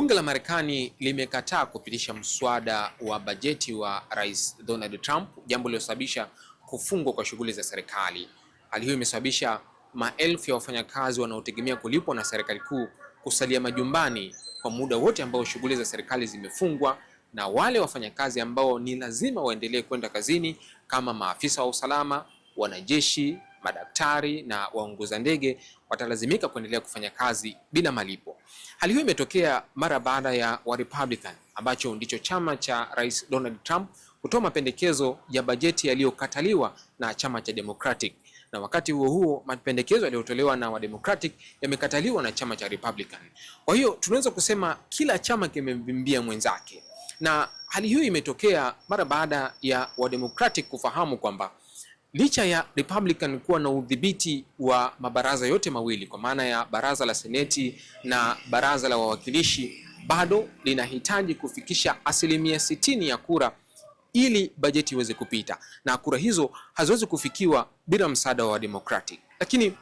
Bunge la Marekani limekataa kupitisha mswada wa bajeti wa Rais Donald Trump, jambo lililosababisha kufungwa kwa shughuli za serikali. Hali hiyo imesababisha maelfu ya wafanyakazi wanaotegemea kulipwa na serikali kuu kusalia majumbani kwa muda wote ambao shughuli za serikali zimefungwa, na wale wafanyakazi ambao ni lazima waendelee kwenda kazini kama maafisa wa usalama, wanajeshi madaktari na waongoza ndege watalazimika kuendelea kufanya kazi bila malipo. Hali hiyo imetokea mara baada ya wa Republican ambacho ndicho chama cha Rais Donald Trump kutoa mapendekezo ya bajeti yaliyokataliwa na chama cha Democratic na wakati huo huo mapendekezo yaliyotolewa na wa Democratic yamekataliwa na chama cha Republican. Kwa hiyo tunaweza kusema kila chama kimembimbia mwenzake, na hali hiyo imetokea mara baada ya wa Democratic kufahamu kwamba Licha ya Republican kuwa na udhibiti wa mabaraza yote mawili kwa maana ya baraza la Seneti na baraza la wawakilishi, bado linahitaji kufikisha asilimia sitini ya kura ili bajeti iweze kupita, na kura hizo haziwezi kufikiwa bila msaada wa Democratic. Lakini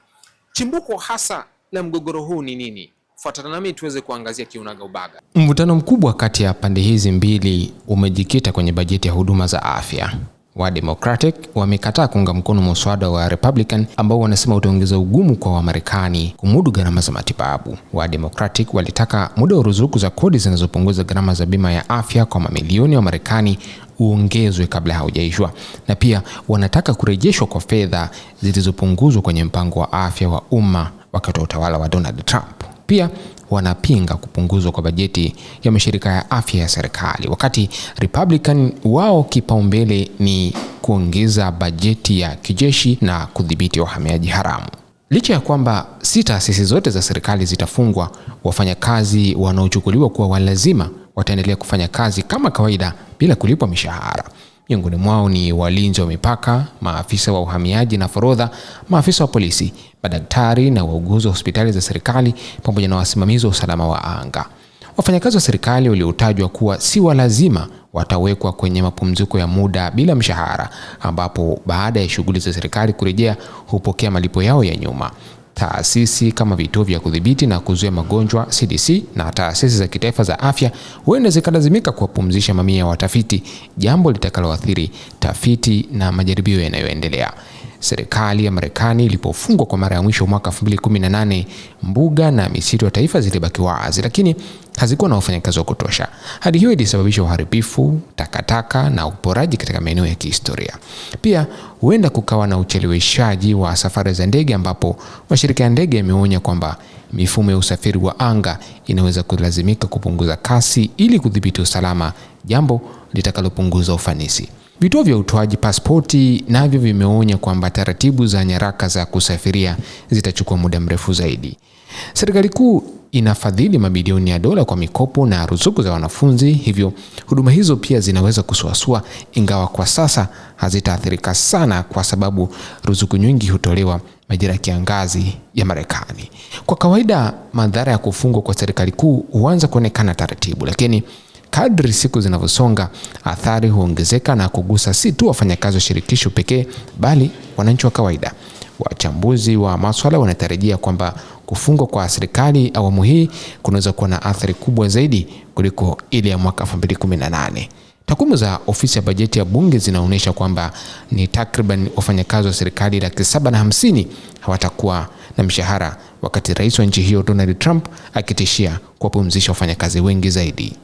chimbuko hasa la mgogoro huu ni nini? Fuatana nami tuweze kuangazia kiunaga ubaga. Mvutano mkubwa kati ya pande hizi mbili umejikita kwenye bajeti ya huduma za afya wa Democratic wamekataa kuunga mkono muswada wa Republican ambao wanasema utaongeza ugumu kwa Wamarekani kumudu gharama za matibabu. Wa Democratic walitaka muda wa ruzuku za kodi zinazopunguza gharama za bima ya afya kwa mamilioni ya Wamarekani uongezwe kabla haujaishwa, na pia wanataka kurejeshwa kwa fedha zilizopunguzwa kwenye mpango wa afya wa umma wakati wa utawala wa Donald Trump. Pia wanapinga kupunguzwa kwa bajeti ya mashirika ya afya ya serikali, wakati Republican wao kipaumbele ni kuongeza bajeti ya kijeshi na kudhibiti wahamiaji haramu. Licha ya kwamba si taasisi zote za serikali zitafungwa, wafanyakazi wanaochukuliwa kuwa walazima wataendelea kufanya kazi kama kawaida bila kulipwa mishahara. Miongoni mwao ni walinzi wa mipaka, maafisa wa uhamiaji na forodha, maafisa wa polisi, madaktari na wauguzi wa hospitali za serikali pamoja na wasimamizi wa usalama wa anga. Wafanyakazi wa serikali waliotajwa kuwa si wa lazima watawekwa kwenye mapumziko ya muda bila mshahara, ambapo baada ya shughuli za serikali kurejea hupokea malipo yao ya nyuma taasisi kama vituo vya kudhibiti na kuzuia magonjwa CDC na taasisi za kitaifa za afya huenda zikalazimika kuwapumzisha mamia ya watafiti, jambo litakaloathiri tafiti na majaribio yanayoendelea. Serikali ya Marekani ilipofungwa kwa mara ya mwisho mwaka 2018, mbuga na misitu ya taifa zilibaki wazi, lakini hazikuwa na wafanyakazi wa kutosha. Hali hiyo ilisababisha uharibifu, takataka na uporaji katika maeneo ya kihistoria. Pia huenda kukawa na ucheleweshaji wa safari za ndege, ambapo mashirika ya ndege yameonya kwamba mifumo ya usafiri wa anga inaweza kulazimika kupunguza kasi ili kudhibiti usalama, jambo litakalopunguza ufanisi. Vituo vya utoaji pasipoti navyo vimeonya kwamba taratibu za nyaraka za kusafiria zitachukua muda mrefu zaidi. Serikali kuu inafadhili mabilioni ya dola kwa mikopo na ruzuku za wanafunzi, hivyo huduma hizo pia zinaweza kusuasua, ingawa kwa sasa hazitaathirika sana kwa sababu ruzuku nyingi hutolewa majira ya kiangazi ya Marekani. Kwa kawaida, madhara ya kufungwa kwa serikali kuu huanza kuonekana taratibu, lakini Kadri siku zinavyosonga, athari huongezeka na kugusa si tu wafanyakazi wa shirikisho pekee, bali wananchi wa kawaida. Wachambuzi wa maswala wanatarajia kwamba kufungwa kwa serikali awamu hii kunaweza kuwa na athari kubwa zaidi kuliko ile ya mwaka 2018. Takwimu za ofisi ya bajeti ya bunge zinaonyesha kwamba ni takriban wafanyakazi wa serikali laki saba na hamsini hawatakuwa na mshahara, wakati rais wa nchi hiyo Donald Trump akitishia kuwapumzisha wafanyakazi wengi zaidi.